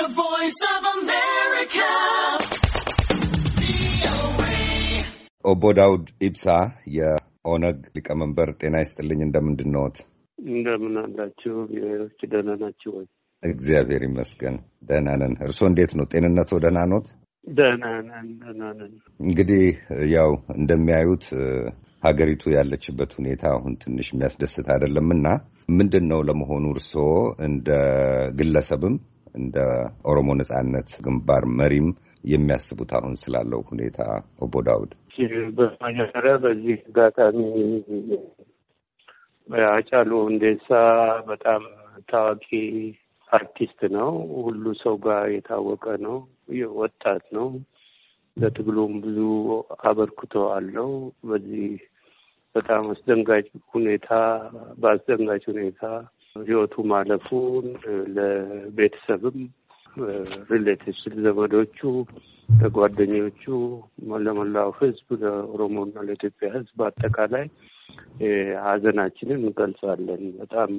The Voice of America. ኦቦ ዳውድ ኢብሳ የኦነግ ሊቀመንበር፣ ጤና ይስጥልኝ። እንደምንድን ነዎት? እንደምን አላችሁ? ብሔሮች ደህና ናችሁ ወይ? እግዚአብሔር ይመስገን ደህና ነን። እርስዎ እንዴት ነው? ጤንነቶ ደህና ኖት? ደህና ነን፣ ደህና ነን። እንግዲህ ያው እንደሚያዩት ሀገሪቱ ያለችበት ሁኔታ አሁን ትንሽ የሚያስደስት አይደለም እና ምንድን ነው ለመሆኑ እርስዎ እንደ ግለሰብም እንደ ኦሮሞ ነጻነት ግንባር መሪም የሚያስቡት አሁን ስላለው ሁኔታ ኦቦ ዳውድ? በመጀመሪያ በዚህ አጋጣሚ አጫሉ ሁንዴሳ በጣም ታዋቂ አርቲስት ነው። ሁሉ ሰው ጋር የታወቀ ነው። ወጣት ነው። ለትግሉም ብዙ አበርክቶ አለው። በዚህ በጣም አስደንጋጭ ሁኔታ በአስደንጋጭ ሁኔታ ህይወቱ ማለፉን ለቤተሰብም ሪሌቲቭስ ለዘመዶቹ፣ ለጓደኞቹ፣ ለመላው ህዝብ፣ ለኦሮሞና ለኢትዮጵያ ህዝብ አጠቃላይ ሀዘናችንን እንገልጻለን። በጣም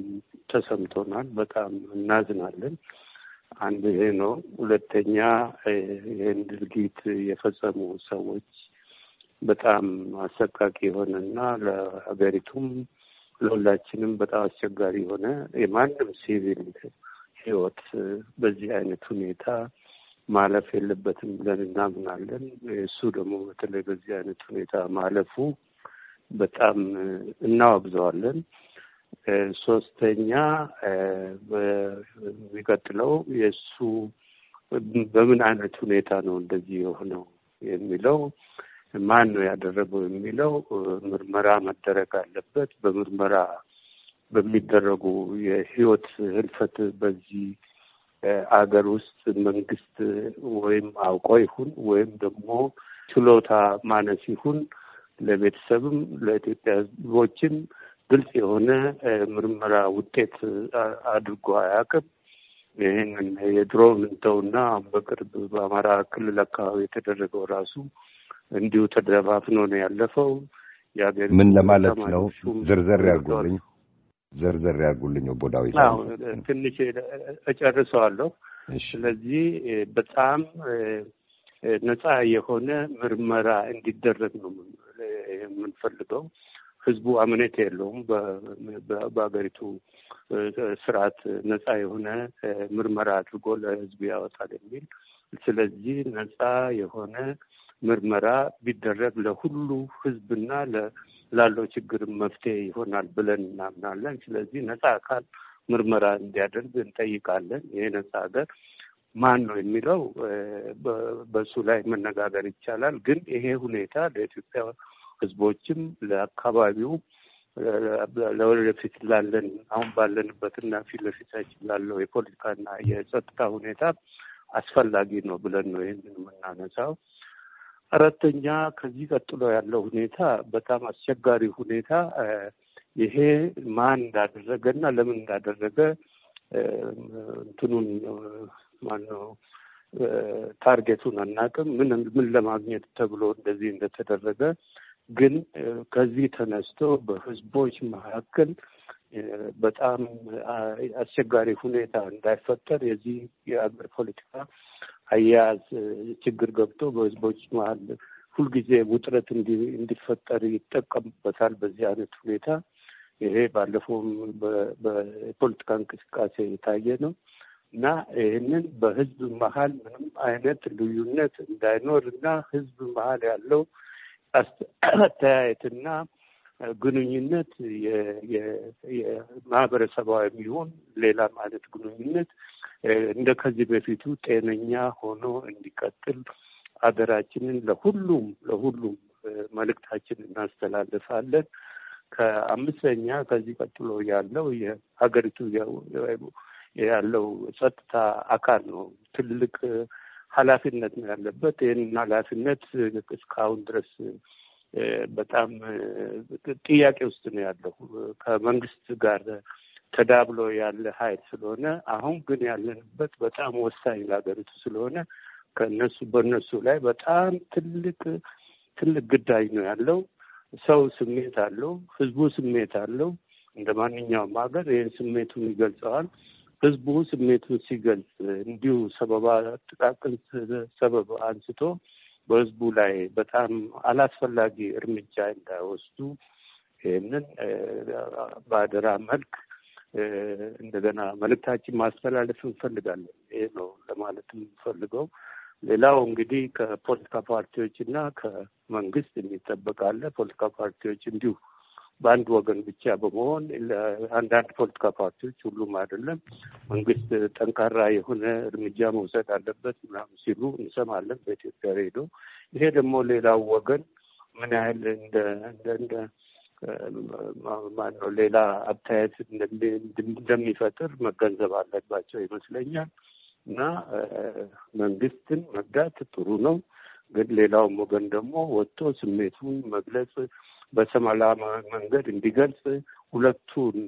ተሰምቶናል። በጣም እናዝናለን። አንድ ይሄ ነው። ሁለተኛ ይህን ድርጊት የፈጸሙ ሰዎች በጣም አሰቃቂ የሆነና ለሀገሪቱም ለሁላችንም በጣም አስቸጋሪ የሆነ የማንም ሲቪል ህይወት በዚህ አይነት ሁኔታ ማለፍ የለበትም ብለን እናምናለን። እሱ ደግሞ በተለይ በዚህ አይነት ሁኔታ ማለፉ በጣም እናወግዘዋለን። ሶስተኛ፣ የሚቀጥለው የእሱ በምን አይነት ሁኔታ ነው እንደዚህ የሆነው የሚለው ማን ነው ያደረገው የሚለው ምርመራ መደረግ አለበት። በምርመራ በሚደረጉ የህይወት ህልፈት በዚህ አገር ውስጥ መንግስት ወይም አውቆ ይሁን ወይም ደግሞ ችሎታ ማነስ ይሁን ለቤተሰብም ለኢትዮጵያ ህዝቦችም ግልጽ የሆነ ምርመራ ውጤት አድርጎ አያውቅም። ይህንን የድሮ ምንተውና በቅርብ በአማራ ክልል አካባቢ የተደረገው ራሱ እንዲሁ ተደፋፍኖ ነው ያለፈው። ምን ለማለት ነው? ዘርዘር ያርጉልኝ፣ ዘርዘር ያርጉልኝ። ቦዳዊ ትንሽ እጨርሰዋለሁ። ስለዚህ በጣም ነፃ የሆነ ምርመራ እንዲደረግ ነው የምንፈልገው። ህዝቡ አምነት የለውም በሀገሪቱ ስርዓት ነፃ የሆነ ምርመራ አድርጎ ለህዝቡ ያወጣል የሚል ስለዚህ ነፃ የሆነ ምርመራ ቢደረግ ለሁሉ ህዝብና ላለው ችግር መፍትሄ ይሆናል ብለን እናምናለን። ስለዚህ ነጻ አካል ምርመራ እንዲያደርግ እንጠይቃለን። ይህ ነጻ ሀገር ማን ነው የሚለው በሱ ላይ መነጋገር ይቻላል። ግን ይሄ ሁኔታ ለኢትዮጵያ ህዝቦችም ለአካባቢው ለወደፊት ላለን አሁን ባለንበትና ፊት ለፊታችን ላለው የፖለቲካና የጸጥታ ሁኔታ አስፈላጊ ነው ብለን ነው ይህንን የምናነሳው። አራተኛ ከዚህ ቀጥሎ ያለው ሁኔታ በጣም አስቸጋሪ ሁኔታ ይሄ ማን እንዳደረገና ለምን እንዳደረገ እንትኑን ማነው ታርጌቱን አናውቅም። ምን ምን ለማግኘት ተብሎ እንደዚህ እንደተደረገ ግን ከዚህ ተነስቶ በህዝቦች መካከል በጣም አስቸጋሪ ሁኔታ እንዳይፈጠር የዚህ የአገር ፖለቲካ አያያዝ ችግር ገብቶ በህዝቦች መሀል ሁልጊዜ ውጥረት እንዲፈጠር ይጠቀሙበታል። በዚህ አይነት ሁኔታ ይሄ ባለፈውም በፖለቲካ እንቅስቃሴ የታየ ነው እና ይህንን በህዝብ መሀል ምንም አይነት ልዩነት እንዳይኖር እና ህዝብ መሀል ያለው አስተያየትና ግንኙነት የማህበረሰባዊ የሚሆን ሌላ ማለት ግንኙነት እንደ ከዚህ በፊቱ ጤነኛ ሆኖ እንዲቀጥል ሀገራችንን ለሁሉም ለሁሉም መልእክታችን እናስተላልፋለን። ከአምስተኛ ከዚህ ቀጥሎ ያለው የሀገሪቱ ያለው ጸጥታ አካል ነው። ትልቅ ኃላፊነት ነው ያለበት። ይህንን ኃላፊነት እስካሁን ድረስ በጣም ጥያቄ ውስጥ ነው ያለው ከመንግስት ጋር ተዳብሎ ያለ ኃይል ስለሆነ አሁን ግን ያለንበት በጣም ወሳኝ ለሀገሪቱ ስለሆነ ከነሱ በነሱ ላይ በጣም ትልቅ ትልቅ ግዳጅ ነው ያለው። ሰው ስሜት አለው፣ ህዝቡ ስሜት አለው። እንደ ማንኛውም ሀገር ይህን ስሜቱን ይገልጸዋል። ህዝቡ ስሜቱን ሲገልጽ እንዲሁ ሰበባ ጥቃቅን ሰበብ አንስቶ በህዝቡ ላይ በጣም አላስፈላጊ እርምጃ እንዳይወስዱ ይህንን በአደራ መልክ እንደገና መልእክታችን ማስተላለፍ እንፈልጋለን። ይህ ነው ለማለት የምንፈልገው። ሌላው እንግዲህ ከፖለቲካ ፓርቲዎች እና ከመንግስት የሚጠበቅ ፖለቲካ ፓርቲዎች እንዲሁ በአንድ ወገን ብቻ በመሆን አንዳንድ ፖለቲካ ፓርቲዎች፣ ሁሉም አይደለም፣ መንግስት ጠንካራ የሆነ እርምጃ መውሰድ አለበት ምናምን ሲሉ እንሰማለን በኢትዮጵያ ሬዲዮ። ይሄ ደግሞ ሌላው ወገን ምን ያህል እንደ ማነው ሌላ አብታየት እንደሚፈጥር መገንዘብ አለባቸው ይመስለኛል። እና መንግስትን መርዳት ጥሩ ነው፣ ግን ሌላውም ወገን ደግሞ ወጥቶ ስሜቱን መግለጽ በስም መንገድ እንዲገልጽ ሁለቱን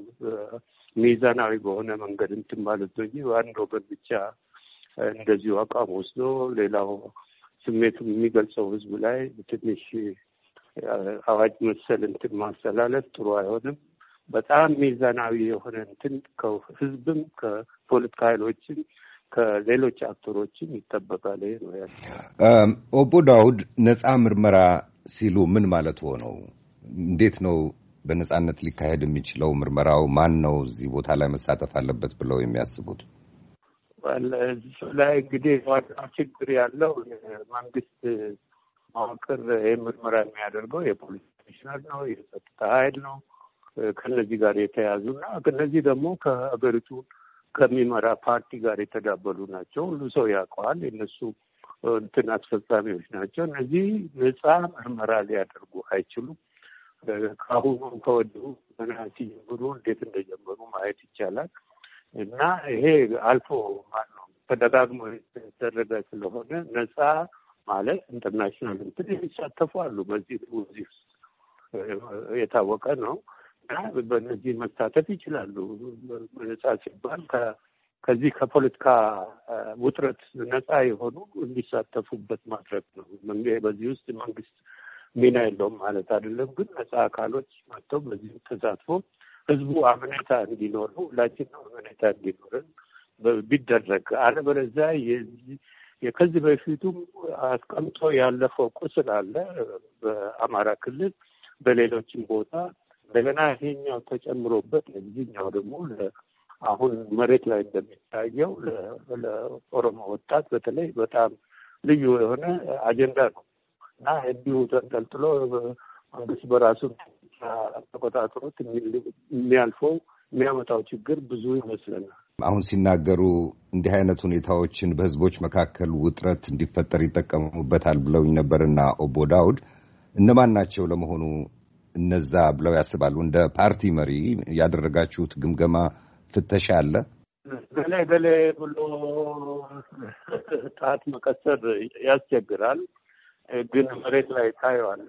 ሚዛናዊ በሆነ መንገድ እንትን ማለት ነው እንጂ በአንድ ወገን ብቻ እንደዚሁ አቋም ወስዶ ሌላው ስሜቱ የሚገልጸው ህዝብ ላይ ትንሽ አዋጅ መሰል እንትን ማስተላለፍ ጥሩ አይሆንም። በጣም ሚዛናዊ የሆነ እንትን ከህዝብም ከፖለቲካ ኃይሎችም ከሌሎች አክተሮችም ይጠበቃል። ይሄ ነው ያ። ኦቦ ዳውድ ነፃ ምርመራ ሲሉ ምን ማለት ሆነው? እንዴት ነው በነጻነት ሊካሄድ የሚችለው ምርመራው? ማን ነው እዚህ ቦታ ላይ መሳተፍ አለበት ብለው የሚያስቡት? እሱ ላይ እንግዲህ ዋና ችግር ያለው የመንግስት መዋቅር ምርመራ የሚያደርገው የፖሊስ ኮሚሽነር ነው፣ የጸጥታ ኃይል ነው ከነዚህ ጋር የተያዙ እና እነዚህ ደግሞ ከሀገሪቱ ከሚመራ ፓርቲ ጋር የተዳበሉ ናቸው። ሁሉ ሰው ያውቀዋል። የነሱ እንትን አስፈጻሚዎች ናቸው። እነዚህ ነፃ ምርመራ ሊያደርጉ አይችሉም። ከአሁኑ ከወዲሁ ገና ሲጀምሩ እንዴት እንደጀመሩ ማየት ይቻላል እና ይሄ አልፎ ማነው ተደጋግሞ የተደረገ ስለሆነ ነፃ ማለት ኢንተርናሽናል እንትን የሚሳተፉ አሉ። በዚህ ውስጥ የታወቀ ነው እና በእነዚህ መሳተፍ ይችላሉ። ነፃ ሲባል ከዚህ ከፖለቲካ ውጥረት ነፃ የሆኑ እንዲሳተፉበት ማድረግ ነው። በዚህ ውስጥ መንግስት ሚና የለውም ማለት አይደለም። ግን ነጻ አካሎች መጥተው በዚህ ተሳትፎ ህዝቡ አምኔታ እንዲኖረው ሁላችንም አምኔታ እንዲኖረን ቢደረግ አለበለዚያ ከዚህ በፊቱም አስቀምጦ ያለፈው ቁስል አለ በአማራ ክልል በሌሎችም ቦታ እንደገና ይሄኛው ተጨምሮበት እዚህኛው ደግሞ አሁን መሬት ላይ እንደሚታየው ለኦሮሞ ወጣት በተለይ በጣም ልዩ የሆነ አጀንዳ ነው እና እንዲሁ ተንጠልጥሎ መንግስት በራሱ ተቆጣጥሮ የሚያልፈው የሚያመጣው ችግር ብዙ ይመስለናል። አሁን ሲናገሩ እንዲህ አይነት ሁኔታዎችን በህዝቦች መካከል ውጥረት እንዲፈጠር ይጠቀሙበታል ብለውኝ ነበርና ኦቦ ዳውድ እነማን ናቸው ለመሆኑ እነዛ ብለው ያስባሉ? እንደ ፓርቲ መሪ ያደረጋችሁት ግምገማ ፍተሻ አለ? ገሌ ገሌ ብሎ ጣት መቀሰር ያስቸግራል። ግን መሬት ላይ ታየዋለ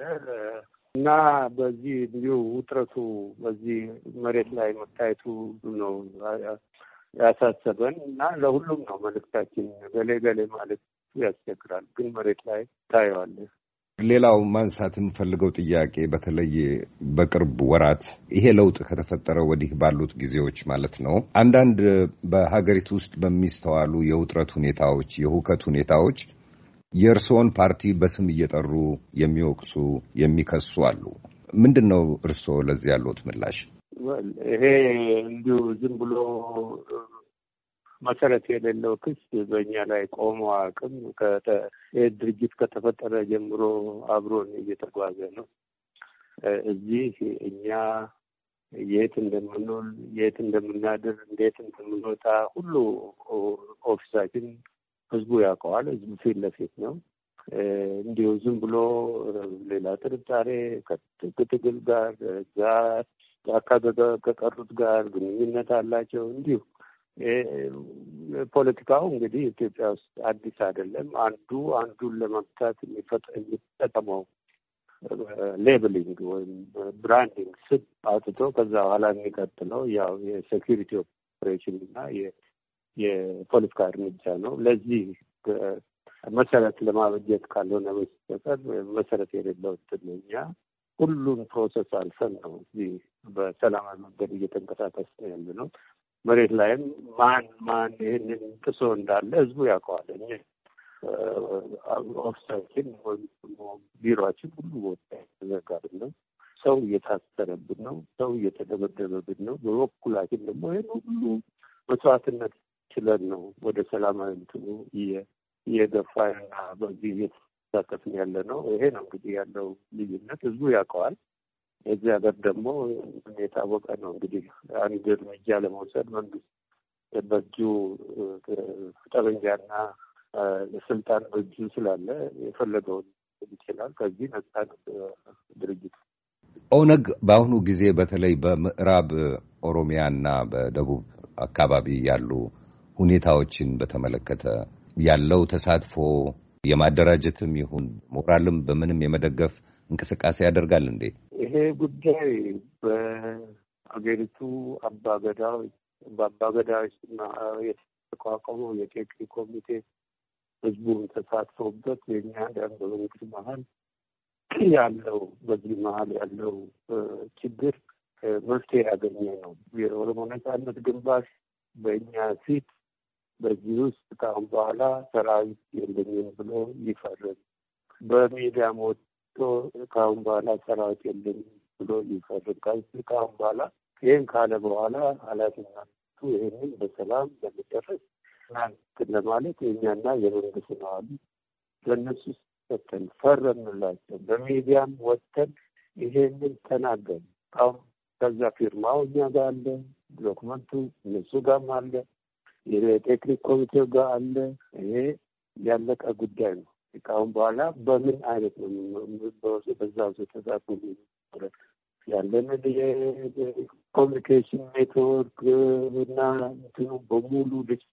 እና በዚህ እንዲሁ ውጥረቱ በዚህ መሬት ላይ መታየቱ ነው ያሳሰበን እና ለሁሉም ነው መልእክታችን። ገሌ ገሌ ማለት ያስቸግራል፣ ግን መሬት ላይ ታየዋለ ሌላው ማንሳት የምፈልገው ጥያቄ በተለይ በቅርብ ወራት ይሄ ለውጥ ከተፈጠረ ወዲህ ባሉት ጊዜዎች ማለት ነው አንዳንድ በሀገሪቱ ውስጥ በሚስተዋሉ የውጥረት ሁኔታዎች፣ የሁከት ሁኔታዎች የእርስዎን ፓርቲ በስም እየጠሩ የሚወቅሱ የሚከሱ አሉ። ምንድን ነው እርስዎ ለዚህ ያሉት ምላሽ? ይሄ እንዲሁ ዝም ብሎ መሰረት የሌለው ክስ በእኛ ላይ ቆሞ አቅም ይህ ድርጅት ከተፈጠረ ጀምሮ አብሮን እየተጓዘ ነው። እዚህ እኛ የት እንደምንውል፣ የት እንደምናድር፣ እንዴት እንደምንወጣ ሁሉ ኦፊሳችን ህዝቡ ያውቀዋል። ህዝቡ ፊት ለፊት ነው። እንዲሁ ዝም ብሎ ሌላ ጥርጣሬ ትግል ጋር ጋር ጫካ ከቀሩት ጋር ግንኙነት አላቸው እንዲሁ ፖለቲካው እንግዲህ ኢትዮጵያ ውስጥ አዲስ አይደለም። አንዱ አንዱን ለመምታት የሚጠቀመው ሌብሊንግ ወይም ብራንዲንግ ስም አውጥቶ ከዛ በኋላ የሚቀጥለው ያው የሴኪሪቲ ኦፕሬሽን እና የፖለቲካ እርምጃ ነው። ለዚህ መሰረት ለማበጀት ካልሆነ በስተቀር መሰረት የሌለው እኛ ሁሉም ፕሮሰስ አልፈን ነው እዚህ በሰላማዊ መንገድ እየተንቀሳቀስ ነው ያለ ነው። መሬት ላይም ማን ማን ይህንን ጥሶ እንዳለ ህዝቡ ያውቀዋል። እኛ ኦፊሳችን ወይም ቢሮችን ሁሉ ቦታ ተዘጋብን ነው። ሰው እየታሰረብን ነው። ሰው እየተደበደበብን ነው። በበኩላችን ደግሞ ይህን ሁሉ መስዋዕትነት ችለን ነው ወደ ሰላማዊ እንትኑ እየገፋ በዚህ እየተሳተፍን ያለ ነው። ይሄ ነው እንግዲህ ያለው ልዩነት ህዝቡ ያውቀዋል። የዚህ ሀገር ደግሞ የታወቀ ነው እንግዲህ አንድ እርምጃ ለመውሰድ መንግስት በእጁ ጠበንጃና ስልጣን በእጁ ስላለ የፈለገውን ይችላል። ከዚህ ነጻ ድርጅት ኦነግ በአሁኑ ጊዜ በተለይ በምዕራብ ኦሮሚያና በደቡብ አካባቢ ያሉ ሁኔታዎችን በተመለከተ ያለው ተሳትፎ የማደራጀትም ይሁን ሞራልም በምንም የመደገፍ እንቅስቃሴ ያደርጋል እንዴ? ይሄ ጉዳይ በአገሪቱ አባገዳዎች በአባገዳዎች የተቋቋመው የቴክኒ ኮሚቴ ህዝቡን ተሳትፎበት የኛ ደንብ በመንግስት መሀል ያለው በዚህ መሀል ያለው ችግር መፍትሄ ያገኘ ነው። የኦሮሞ ነጻነት ግንባር በእኛ ፊት በዚህ ውስጥ ካሁን በኋላ ሰራዊት የለኝም ብሎ ሊፈርም፣ በሚዲያም ወጥቶ ካሁን በኋላ ሰራዊት የለኝም ብሎ ሊፈርም ካሁን በኋላ ይህን ካለ በኋላ ኃላፊነቱ ይህንን በሰላም ለመጨረስ ናንትን ለማለት የእኛና የመንግስት ነዋሉ በእነሱ ሰተን ፈረምላቸው። በሚዲያም ወጥተን ይሄንን ተናገር። አሁን ከዛ ፊርማው እኛ ጋር አለ፣ ዶክመንቱ እነሱ ጋም አለ። የቴክኒክ ኮሚቴው ጋር አለ። ይሄ ያለቀ ጉዳይ ነው። ከአሁን በኋላ በምን አይነት ነው በዛ ተዛቡ ያለንን የኮሚኒኬሽን ኔትወርክ እና እንትኑ በሙሉ ልጅ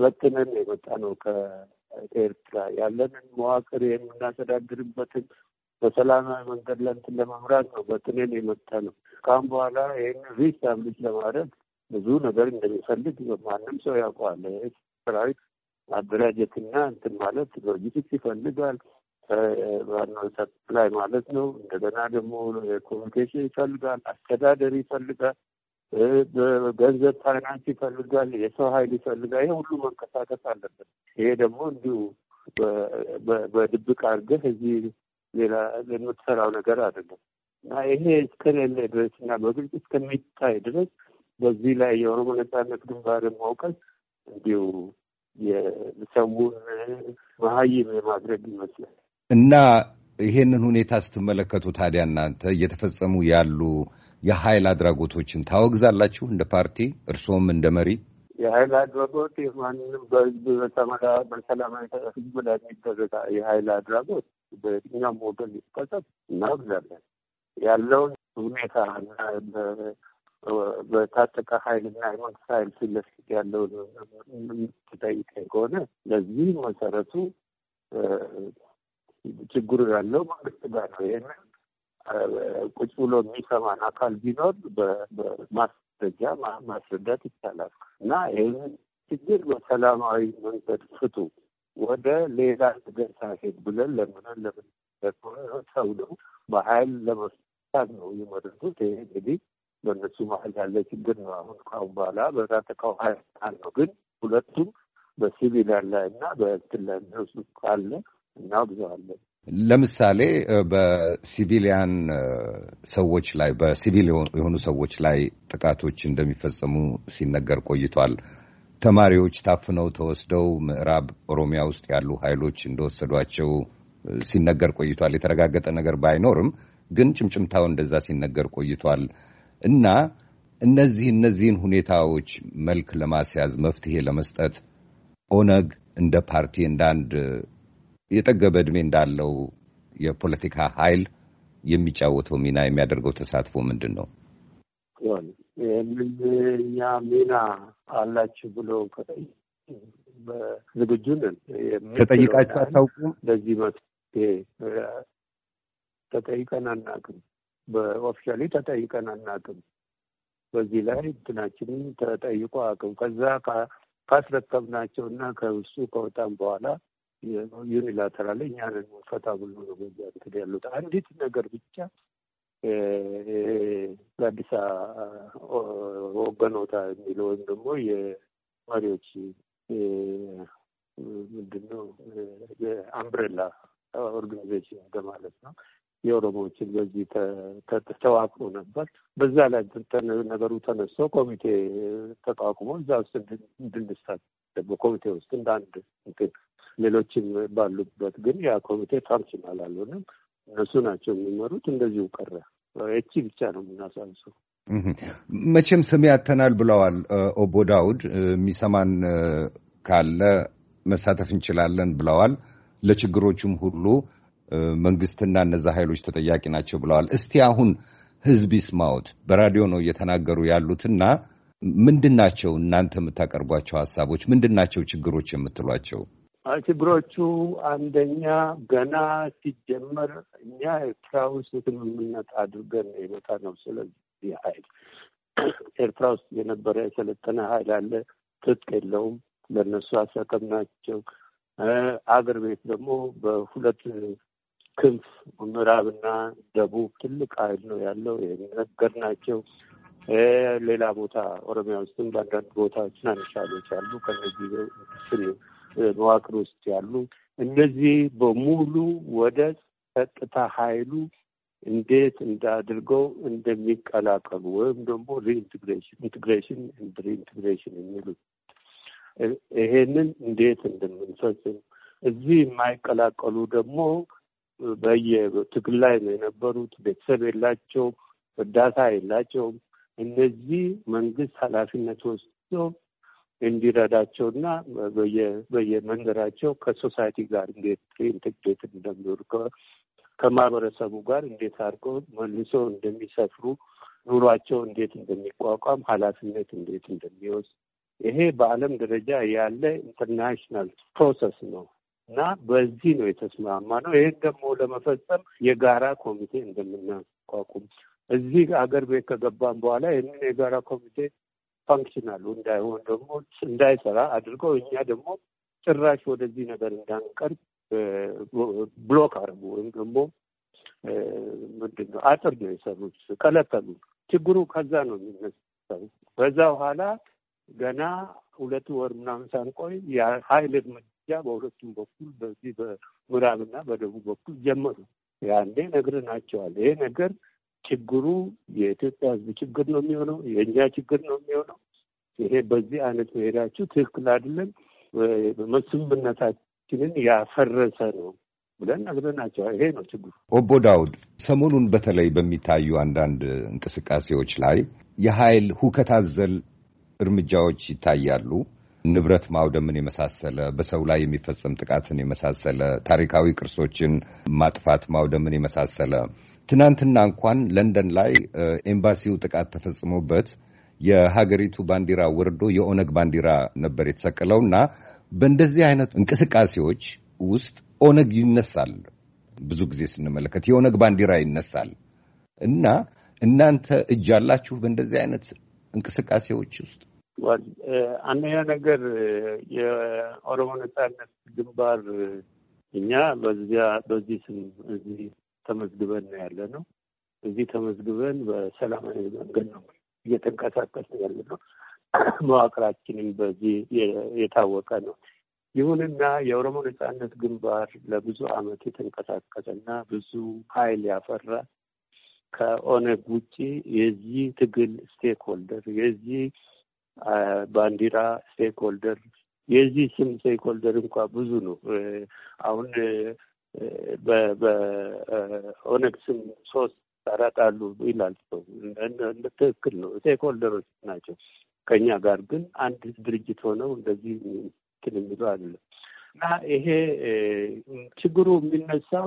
በትነን የመጣ ነው ከኤርትራ ያለንን መዋቅር የምናስተዳድርበትን በሰላማዊ መንገድ ለንትን ለመምራት ነው በትነን የመጣ ነው። ከአሁን በኋላ ይህን ሪስታብሊሽ ለማድረግ ብዙ ነገር እንደሚፈልግ ማንም ሰው ያውቀዋል። ሰራዊት ማደራጀትና እንትን ማለት ሎጂስቲክስ ይፈልጋል። ላይ ማለት ነው። እንደገና ደግሞ ኮሚኒኬሽን ይፈልጋል፣ አስተዳደር ይፈልጋል፣ በገንዘብ ፋይናንስ ይፈልጋል፣ የሰው ኃይል ይፈልጋል። ይሄ ሁሉ መንቀሳቀስ አለበት። ይሄ ደግሞ እንዲሁ በድብቅ አድርገህ እዚህ ሌላ የምትሰራው ነገር አይደለም እና ይሄ እስከሌለ ድረስ እና በግልጽ እስከሚታይ ድረስ በዚህ ላይ የኦሮሞ ነጻነት ግንባርን ማውቀስ እንዲሁ የሰውን መሀይም የማድረግ ይመስላል እና ይሄንን ሁኔታ ስትመለከቱ ታዲያ እናንተ እየተፈጸሙ ያሉ የሀይል አድራጎቶችን ታወግዛላችሁ እንደ ፓርቲ እርስዎም እንደ መሪ? የሀይል አድራጎት የማንም በህዝብ በሰላማዊ ህዝብ ላይ የሚደረግ የሀይል አድራጎት በየትኛውም ወገን ሊቀሰፍ እናወግዛለን። ያለውን ሁኔታ በታጠቀ ኃይልና ሃይማኖት ኃይል ፊት ለፊት ያለውን የምትጠይቀኝ ከሆነ ለዚህ መሰረቱ ችግሩ ያለው መንግስት ጋር ነው። ይህን ቁጭ ብሎ የሚሰማን አካል ቢኖር በማስረጃ ማስረዳት ይቻላል እና ይህን ችግር በሰላማዊ መንገድ ፍቱ፣ ወደ ሌላ ነገር ሳሄድ ብለን ለምንን ለምን ሰው ነው በሀይል ለመፍታት ነው የመረጡት። ይህ እንግዲህ በእነሱ መሀል ያለ ችግር ነው። አሁን ካሁን በኋላ በዛ ተቃውሞ ነው። ግን ሁለቱም በሲቪሊያን ላይ እና በእንትን ላይ የሚወስዱት ካለ እና ብዙ አለ። ለምሳሌ በሲቪሊያን ሰዎች ላይ በሲቪል የሆኑ ሰዎች ላይ ጥቃቶች እንደሚፈጸሙ ሲነገር ቆይቷል። ተማሪዎች ታፍነው ተወስደው ምዕራብ ኦሮሚያ ውስጥ ያሉ ኃይሎች እንደወሰዷቸው ሲነገር ቆይቷል። የተረጋገጠ ነገር ባይኖርም ግን ጭምጭምታው እንደዛ ሲነገር ቆይቷል። እና እነዚህ እነዚህን ሁኔታዎች መልክ ለማስያዝ መፍትሄ ለመስጠት ኦነግ እንደ ፓርቲ እንደ አንድ የጠገበ ዕድሜ እንዳለው የፖለቲካ ኃይል የሚጫወተው ሚና የሚያደርገው ተሳትፎ ምንድን ነው? የእኛ ሚና አላችሁ ብሎ ዝግጁ ነን። ተጠይቃችሁ አታውቁም? ለዚህ መፍትሄ ተጠይቀን አናውቅም። በኦፊሻሊ ተጠይቀን አናውቅም። በዚህ ላይ እንትናችንን ተጠይቆ አቅም ከዛ ካስረከብናቸው እና ከውሱ ከወጣም በኋላ ዩኒላተራል እኛንን ፈታ ብሎ ነው እንትን ያሉት። አንዲት ነገር ብቻ በአዲስ ወገኖታ የሚለው ወይም ደግሞ የመሪዎች ምንድን ነው የአምብሬላ ኦርጋናይዜሽን ማለት ነው የኦሮሞዎችን በዚህ ተዋቅሮ ነበር። በዛ ላይ ነገሩ ተነስቶ ኮሚቴ ተቋቁሞ እዛ ውስጥ እንድንሳት ደግሞ ኮሚቴ ውስጥ እንደ አንድ ሌሎችም ባሉበት ግን ያ ኮሚቴ ፋንክሽናል አልሆነም። እነሱ ናቸው የሚመሩት። እንደዚሁ ቀረ። እቺ ብቻ ነው የምናሳንሰው። መቼም ስም ያተናል ብለዋል ኦቦ ዳውድ። የሚሰማን ካለ መሳተፍ እንችላለን ብለዋል። ለችግሮቹም ሁሉ መንግስትና እነዛ ኃይሎች ተጠያቂ ናቸው ብለዋል። እስቲ አሁን ህዝብ ይስማውት በራዲዮ ነው እየተናገሩ ያሉትና ምንድን ናቸው እናንተ የምታቀርቧቸው ሀሳቦች ምንድን ናቸው? ችግሮች የምትሏቸው ችግሮቹ አንደኛ ገና ሲጀመር እኛ ኤርትራ ውስጥ ስምምነት አድርገን የመጣ ነው። ስለዚህ ኃይል ኤርትራ ውስጥ የነበረ የሰለጠነ ኃይል አለ፣ ትጥቅ የለውም። ለእነሱ አሰከም ናቸው። አገር ቤት ደግሞ በሁለት ክንፍ ምዕራብና ደቡብ ትልቅ ኃይል ነው ያለው። ነገር ናቸው። ሌላ ቦታ ኦሮሚያ ውስጥም በአንዳንድ ቦታዎች ትናንሽ ኃይሎች አሉ። ከነዚህ መዋቅር ውስጥ ያሉ እነዚህ በሙሉ ወደ ጸጥታ ኃይሉ እንዴት እንዳድርገው እንደሚቀላቀሉ ወይም ደግሞ ሪኢንትግሬሽን ኢንትግሬሽን ሪኢንትግሬሽን የሚሉት ይሄንን እንዴት እንደምንፈጽም እዚህ የማይቀላቀሉ ደግሞ በየትግል ላይ ነው የነበሩት። ቤተሰብ የላቸው፣ እርዳታ የላቸውም። እነዚህ መንግስት ኃላፊነት ወስዶ እንዲረዳቸውና በየመንደራቸው ከሶሳይቲ ጋር እንዴት ኢንቴግሬት ከማህበረሰቡ ጋር እንዴት አድርገው መልሶ እንደሚሰፍሩ ኑሯቸው እንዴት እንደሚቋቋም ኃላፊነት እንዴት እንደሚወስድ ይሄ በዓለም ደረጃ ያለ ኢንተርናሽናል ፕሮሰስ ነው። እና በዚህ ነው የተስማማ ነው። ይህን ደግሞ ለመፈጸም የጋራ ኮሚቴ እንደምናቋቁም እዚህ አገር ቤት ከገባን በኋላ ይህንን የጋራ ኮሚቴ ፋንክሽናሉ እንዳይሆን ደግሞ እንዳይሰራ አድርገው እኛ ደግሞ ጭራሽ ወደዚህ ነገር እንዳንቀርብ ብሎክ አርጉ ወይም ደግሞ ምንድን ነው አጥር ነው የሰሩት፣ ከለከሉ። ችግሩ ከዛ ነው የሚነሳው። በዛ በኋላ ገና ሁለት ወር ምናምን ሳንቆይ የሀይል እርምጃ እርምጃ በሁለቱም በኩል በዚህ በምዕራብና በደቡብ በኩል ጀመሩ። ያንዴ ነግረናቸዋል። ይሄ ነገር ችግሩ የኢትዮጵያ ሕዝብ ችግር ነው የሚሆነው፣ የእኛ ችግር ነው የሚሆነው። ይሄ በዚህ አይነት መሄዳችሁ ትክክል አይደለም፣ ስምምነታችንን ያፈረሰ ነው ብለን ነግረናቸዋል። ይሄ ነው ችግሩ። ኦቦ ዳውድ፣ ሰሞኑን በተለይ በሚታዩ አንዳንድ እንቅስቃሴዎች ላይ የኃይል ሁከት አዘል እርምጃዎች ይታያሉ። ንብረት ማውደምን የመሳሰለ በሰው ላይ የሚፈጸም ጥቃትን የመሳሰለ ታሪካዊ ቅርሶችን ማጥፋት ማውደምን የመሳሰለ ትናንትና እንኳን ለንደን ላይ ኤምባሲው ጥቃት ተፈጽሞበት የሀገሪቱ ባንዲራ ወርዶ የኦነግ ባንዲራ ነበር የተሰቀለው እና በእንደዚህ አይነት እንቅስቃሴዎች ውስጥ ኦነግ ይነሳል። ብዙ ጊዜ ስንመለከት የኦነግ ባንዲራ ይነሳል እና እናንተ እጅ አላችሁ በእንደዚህ አይነት እንቅስቃሴዎች ውስጥ? አንደኛ ነገር የኦሮሞ ነጻነት ግንባር እኛ በዚያ በዚህ ስም እዚህ ተመዝግበን ነው ያለ ነው። እዚህ ተመዝግበን በሰላማዊ መንገድ ነው እየተንቀሳቀስ ያለ ነው። መዋቅራችንም በዚህ የታወቀ ነው። ይሁንና የኦሮሞ ነጻነት ግንባር ለብዙ ዓመት የተንቀሳቀሰና ብዙ ኃይል ያፈራ ከኦነግ ውጭ የዚህ ትግል ስቴክ ሆልደር የዚህ ባንዲራ፣ ስቴክ ሆልደር የዚህ ስም ስቴክ ሆልደር እንኳ ብዙ ነው። አሁን በኦነግ ስም ሶስት አራት አሉ ይላል ሰው። ትክክል ነው፣ ስቴክ ሆልደሮች ናቸው። ከኛ ጋር ግን አንድ ድርጅት ሆነው እንደዚህ እንትን የሚሉ አይደለም እና ይሄ ችግሩ የሚነሳው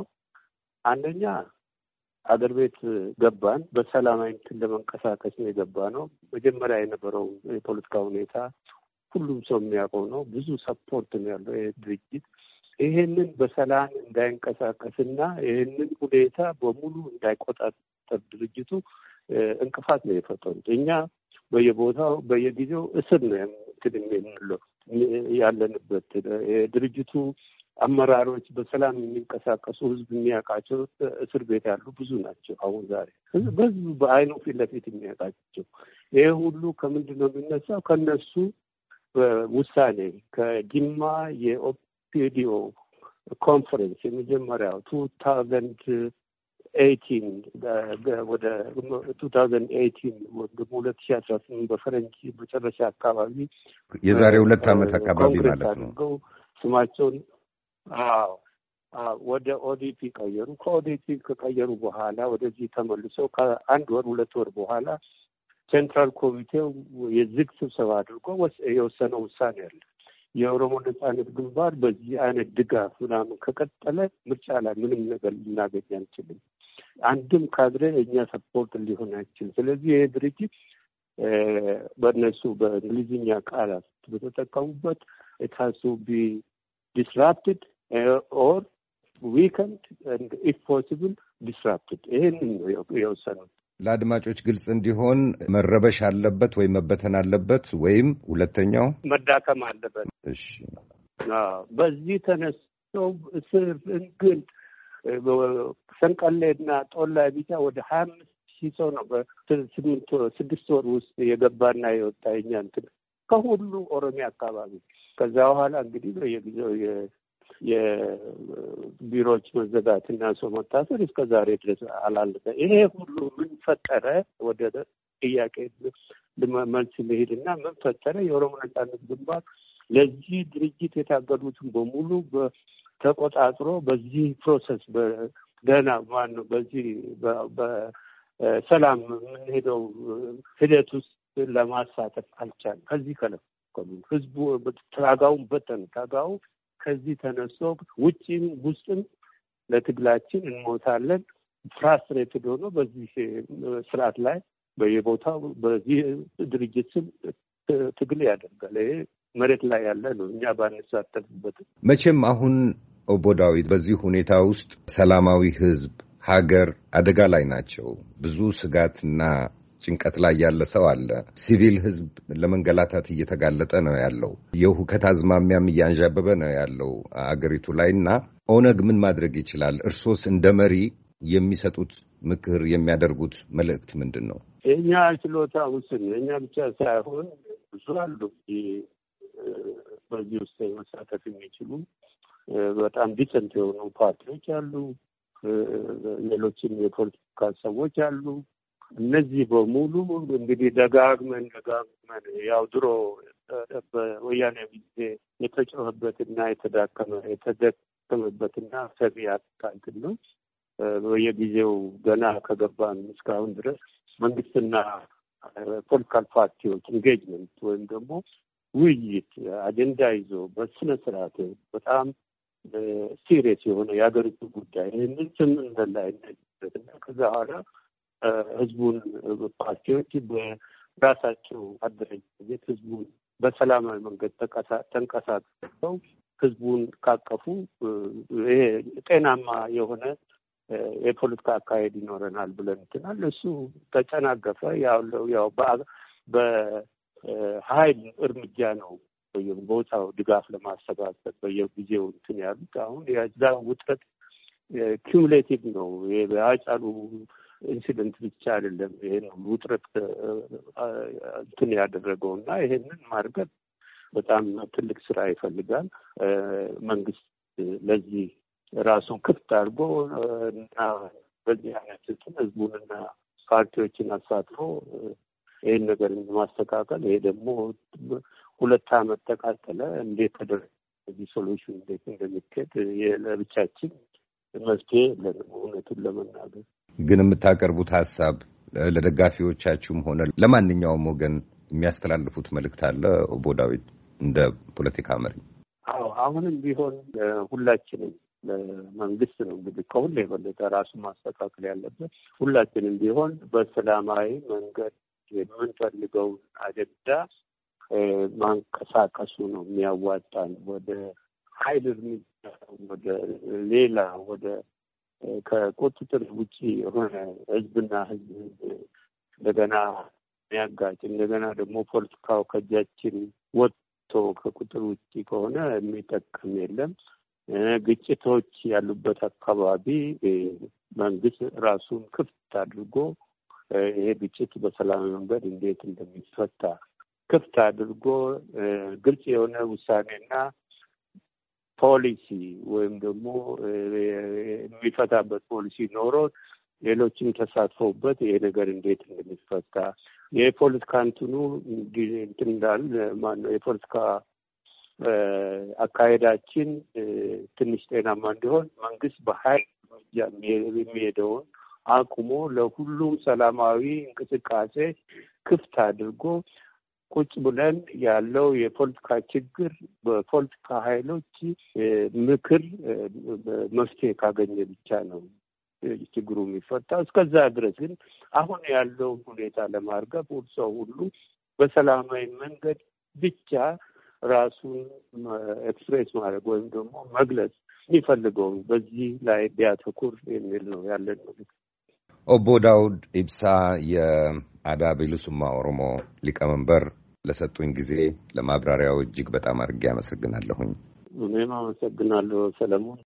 አንደኛ አገር ቤት ገባን። በሰላም አይነትን ለመንቀሳቀስ ነው የገባ ነው። መጀመሪያ የነበረው የፖለቲካ ሁኔታ ሁሉም ሰው የሚያውቀው ነው። ብዙ ሰፖርት ነው ያለው ይህ ድርጅት ይሄንን በሰላም እንዳይንቀሳቀስና ይህንን ሁኔታ በሙሉ እንዳይቆጣጠር ድርጅቱ እንቅፋት ነው የፈጠሩት። እኛ በየቦታው በየጊዜው እስር ነው እንትን የምንለው ያለንበት የድርጅቱ አመራሮች በሰላም የሚንቀሳቀሱ ህዝብ የሚያውቃቸው እስር ቤት ያሉ ብዙ ናቸው። አሁን ዛሬ በህዝብ በአይኑ ፊት ለፊት የሚያውቃቸው ይሄ ሁሉ ከምንድን ነው የሚነሳው? ከነሱ ውሳኔ ከጅማ የኦፒዲኦ ኮንፈረንስ የመጀመሪያው ቱ ታውዘንድ ኤይቲን ወደ ቱ ታውዘንድ ኤይቲን ወደ ሁለት ሺ አስራ ስምንት በፈረንጅ መጨረሻ አካባቢ የዛሬ ሁለት ዓመት አካባቢ ማለት ነው ስማቸውን አዎ ወደ ኦዲፒ ቀየሩ። ከኦዲፒ ከቀየሩ በኋላ ወደዚህ ተመልሰው ከአንድ ወር ሁለት ወር በኋላ ሴንትራል ኮሚቴው የዝግ ስብሰባ አድርጎ የወሰነው ውሳኔ አለ። የኦሮሞ ነጻነት ግንባር በዚህ አይነት ድጋፍ ምናምን ከቀጠለ ምርጫ ላይ ምንም ነገር ልናገኝ አንችልም አንድም ካድሬ እኛ ሰፖርት ሊሆን አይችል። ስለዚህ ይሄ ድርጅት በእነሱ በእንግሊዝኛ ቃላት በተጠቀሙበት ኢት ሃዝ ቱ ቢ ዲስራፕትድ ኦር ዊከንድ ኢፍ ፖስብል ዲስራፕትድ። ይህንን ነው ለአድማጮች ግልጽ እንዲሆን መረበሽ አለበት ወይም መበተን አለበት ወይም ሁለተኛው መዳከም አለበት። እሺ፣ በዚህ ተነስተው ስር እንግል ሰንቀሌ እና ጦላ ቢታ ወደ ሀያ አምስት ሺህ ሰው ነው በስምንት ስድስት ወር ውስጥ የገባና የወጣ የኛ እንትን ከሁሉ ኦሮሚያ አካባቢ። ከዛ በኋላ እንግዲህ በየጊዜው የቢሮዎች መዘጋት መዘጋትና ሰው መታሰር እስከ ዛሬ ድረስ አላለፈ። ይሄ ሁሉ ምን ፈጠረ? ወደ ጥያቄ መልስ ልሄድና ምን ፈጠረ? የኦሮሞ ነጻነት ግንባር ለዚህ ድርጅት የታገዱትን በሙሉ ተቆጣጥሮ በዚህ ፕሮሰስ ገና ማነው በዚህ በሰላም የምንሄደው ሂደት ውስጥ ለማሳተፍ አልቻለም። ከዚህ ከለከሉ ህዝቡ ታጋውን በተነ ታጋው ከዚህ ተነስቶ ውጭም ውስጥም ለትግላችን እንሞታለን ፍራስትሬትድ ሆኖ በዚህ ስርዓት ላይ በየቦታው በዚህ ድርጅት ስም ትግል ያደርጋል። ይሄ መሬት ላይ ያለ ነው። እኛ ባንሳተፍበትም መቼም አሁን ኦቦ ዳዊት፣ በዚህ ሁኔታ ውስጥ ሰላማዊ ህዝብ፣ ሀገር አደጋ ላይ ናቸው። ብዙ ስጋትና ጭንቀት ላይ ያለ ሰው አለ። ሲቪል ህዝብ ለመንገላታት እየተጋለጠ ነው ያለው። የሁከት አዝማሚያም እያንዣበበ ነው ያለው አገሪቱ ላይ እና ኦነግ ምን ማድረግ ይችላል? እርሶስ እንደ መሪ የሚሰጡት ምክር፣ የሚያደርጉት መልእክት ምንድን ነው? የእኛ ችሎታ ውስን የእኛ ብቻ ሳይሆን ብዙ አሉ በዚህ ውስጥ መሳተፍ የሚችሉ በጣም ዲሰንት የሆኑ ፓርቲዎች አሉ። ሌሎችም የፖለቲካ ሰዎች አሉ። እነዚህ በሙሉ እንግዲህ ደጋግመን ደጋግመን ያው ድሮ በወያኔ ጊዜ የተጮኸበትና የተዳከመ የተደከመበትና ሰሚ አታንትን ነው። በየጊዜው ገና ከገባን እስካሁን ድረስ መንግስትና ፖለቲካል ፓርቲዎች ኢንጌጅመንት ወይም ደግሞ ውይይት አጀንዳ ይዞ በስነ ስርዓት በጣም ሲሪየስ የሆነ የሀገሪቱ ጉዳይ ይህንን ስም ላይ እና ከዛ በኋላ ህዝቡን ፓርቲዎች በራሳቸው አደረጃጀት ህዝቡን በሰላማዊ መንገድ ተንቀሳቅሰው ህዝቡን ካቀፉ ይሄ ጤናማ የሆነ የፖለቲካ አካሄድ ይኖረናል ብለን እንትናል። እሱ ተጨናገፈ። ያው ያው ሀይል እርምጃ ነው። በየቦታው ድጋፍ ለማሰባሰብ በየጊዜው እንትን ያሉት አሁን የዛ ውጥረት ኪሙሌቲቭ ነው። የአጫሉ ኢንሲደንት ብቻ አይደለም። ይሄን ውጥረት እንትን ያደረገው እና ይሄንን ማርገብ በጣም ትልቅ ስራ ይፈልጋል። መንግስት ለዚህ ራሱን ክፍት አድርጎ እና በዚህ አይነት ህዝቡንና ፓርቲዎችን አሳትፎ ይህን ነገር ማስተካከል ይሄ ደግሞ ሁለት አመት ተቃጠለ እንዴት ተደረገ እዚህ ሶሉሽን እንዴት እንደሚካሄድ ለብቻችን መፍትሄ የለንም። እውነቱን ለመናገር ግን የምታቀርቡት ሀሳብ ለደጋፊዎቻችሁም ሆነ ለማንኛውም ወገን የሚያስተላልፉት መልእክት አለ? ቦዳዊት እንደ ፖለቲካ መሪ። አዎ አሁንም ቢሆን ሁላችንም ለመንግስት ነው እንግዲህ ከሁሉ የበለጠ ራሱ ማስተካከል ያለበት። ሁላችንም ቢሆን በሰላማዊ መንገድ የምንፈልገውን አጀንዳ ማንቀሳቀሱ ነው የሚያዋጣን። ወደ ኃይል እርምጃ፣ ወደ ሌላ ወደ ከቁጥጥር ውጭ የሆነ ህዝብና ህዝብ እንደገና የሚያጋጭ እንደገና ደግሞ ፖለቲካው ከእጃችን ወጥቶ ከቁጥር ውጭ ከሆነ የሚጠቅም የለም። ግጭቶች ያሉበት አካባቢ መንግስት ራሱን ክፍት አድርጎ ይሄ ግጭት በሰላማዊ መንገድ እንዴት እንደሚፈታ ክፍት አድርጎ ግልጽ የሆነ ውሳኔና ፖሊሲ ወይም ደግሞ የሚፈታበት ፖሊሲ ኖሮ ሌሎችም ተሳትፈውበት ይሄ ነገር እንዴት እንደሚፈታ የፖለቲካ እንትኑ እንትን እንዳል ማነው የፖለቲካ አካሄዳችን ትንሽ ጤናማ እንዲሆን መንግስት በሀይል የሚሄደውን አቁሞ ለሁሉም ሰላማዊ እንቅስቃሴ ክፍት አድርጎ ቁጭ ብለን ያለው የፖለቲካ ችግር በፖለቲካ ኃይሎች ምክር መፍትሄ ካገኘ ብቻ ነው ችግሩ የሚፈታው። እስከዛ ድረስ ግን አሁን ያለውን ሁኔታ ለማርገብ ሰው ሁሉ በሰላማዊ መንገድ ብቻ ራሱን ኤክስፕሬስ ማድረግ ወይም ደግሞ መግለጽ የሚፈልገው በዚህ ላይ ቢያተኩር የሚል ነው ያለን መልዕክት። ኦቦ ዳውድ ኢብሳ የአዳ ቢሊሱማ ኦሮሞ ሊቀመንበር ለሰጡኝ ጊዜ ለማብራሪያው እጅግ በጣም አድርጌ አመሰግናለሁኝ። እኔም አመሰግናለሁ ሰለሞን።